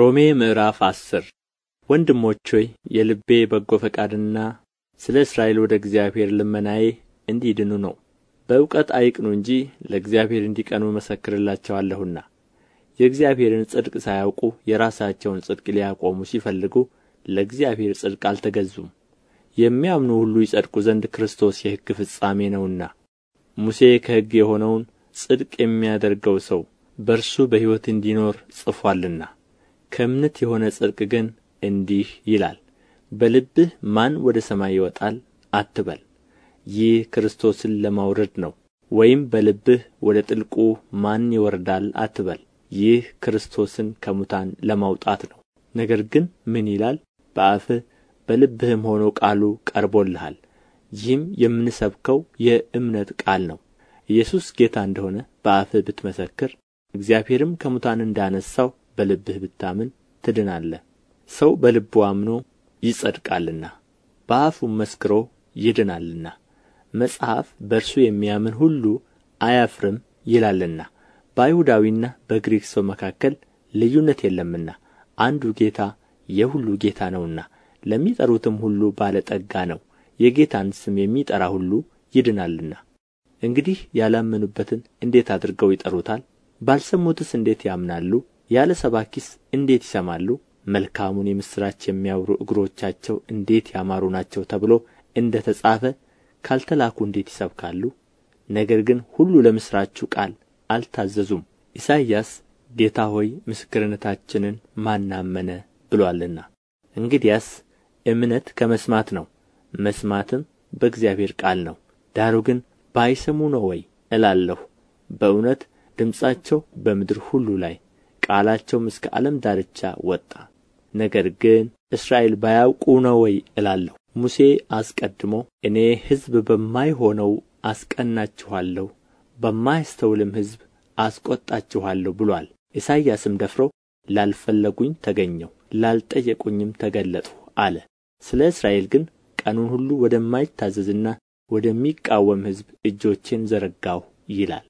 ሮሜ ምዕራፍ አስር ወንድሞች ሆይ የልቤ በጎ ፈቃድና ስለ እስራኤል ወደ እግዚአብሔር ልመናዬ እንዲድኑ ነው። በእውቀት አይቅኑ እንጂ ለእግዚአብሔር እንዲቀኑ መሰክርላቸዋለሁና። የእግዚአብሔርን ጽድቅ ሳያውቁ የራሳቸውን ጽድቅ ሊያቆሙ ሲፈልጉ ለእግዚአብሔር ጽድቅ አልተገዙም። የሚያምኑ ሁሉ ይጸድቁ ዘንድ ክርስቶስ የሕግ ፍጻሜ ነውና። ሙሴ ከሕግ የሆነውን ጽድቅ የሚያደርገው ሰው በእርሱ በሕይወት እንዲኖር ጽፏልና። ከእምነት የሆነ ጽድቅ ግን እንዲህ ይላል በልብህ ማን ወደ ሰማይ ይወጣል አትበል ይህ ክርስቶስን ለማውረድ ነው ወይም በልብህ ወደ ጥልቁ ማን ይወርዳል አትበል ይህ ክርስቶስን ከሙታን ለማውጣት ነው ነገር ግን ምን ይላል በአፍህ በልብህም ሆኖ ቃሉ ቀርቦልሃል ይህም የምንሰብከው የእምነት ቃል ነው ኢየሱስ ጌታ እንደሆነ በአፍህ ብትመሰክር እግዚአብሔርም ከሙታን እንዳነሣው በልብህ ብታምን ትድናለህ ሰው በልቡ አምኖ ይጸድቃልና በአፉም መስክሮ ይድናልና መጽሐፍ በእርሱ የሚያምን ሁሉ አያፍርም ይላልና በአይሁዳዊና በግሪክ ሰው መካከል ልዩነት የለምና አንዱ ጌታ የሁሉ ጌታ ነውና ለሚጠሩትም ሁሉ ባለ ጠጋ ነው የጌታን ስም የሚጠራ ሁሉ ይድናልና እንግዲህ ያላመኑበትን እንዴት አድርገው ይጠሩታል ባልሰሙትስ እንዴት ያምናሉ ያለ ሰባኪስ እንዴት ይሰማሉ መልካሙን የምሥራች የሚያወሩ እግሮቻቸው እንዴት ያማሩ ናቸው ተብሎ እንደ ተጻፈ ካልተላኩ እንዴት ይሰብካሉ ነገር ግን ሁሉ ለምሥራቹ ቃል አልታዘዙም ኢሳይያስ ጌታ ሆይ ምስክርነታችንን ማናመነ ብሏልና እንግዲያስ እምነት ከመስማት ነው መስማትም በእግዚአብሔር ቃል ነው ዳሩ ግን ባይሰሙ ነው ወይ እላለሁ በእውነት ድምፃቸው በምድር ሁሉ ላይ ቃላቸውም እስከ ዓለም ዳርቻ ወጣ። ነገር ግን እስራኤል ባያውቁ ነው ወይ እላለሁ። ሙሴ አስቀድሞ እኔ ሕዝብ በማይሆነው አስቀናችኋለሁ፣ በማያስተውልም ሕዝብ አስቈጣችኋለሁ ብሏል። ኢሳይያስም ደፍሮ ላልፈለጉኝ ተገኘሁ፣ ላልጠየቁኝም ተገለጥሁ አለ። ስለ እስራኤል ግን ቀኑን ሁሉ ወደማይታዘዝና ወደሚቃወም ሕዝብ እጆቼን ዘረጋሁ ይላል።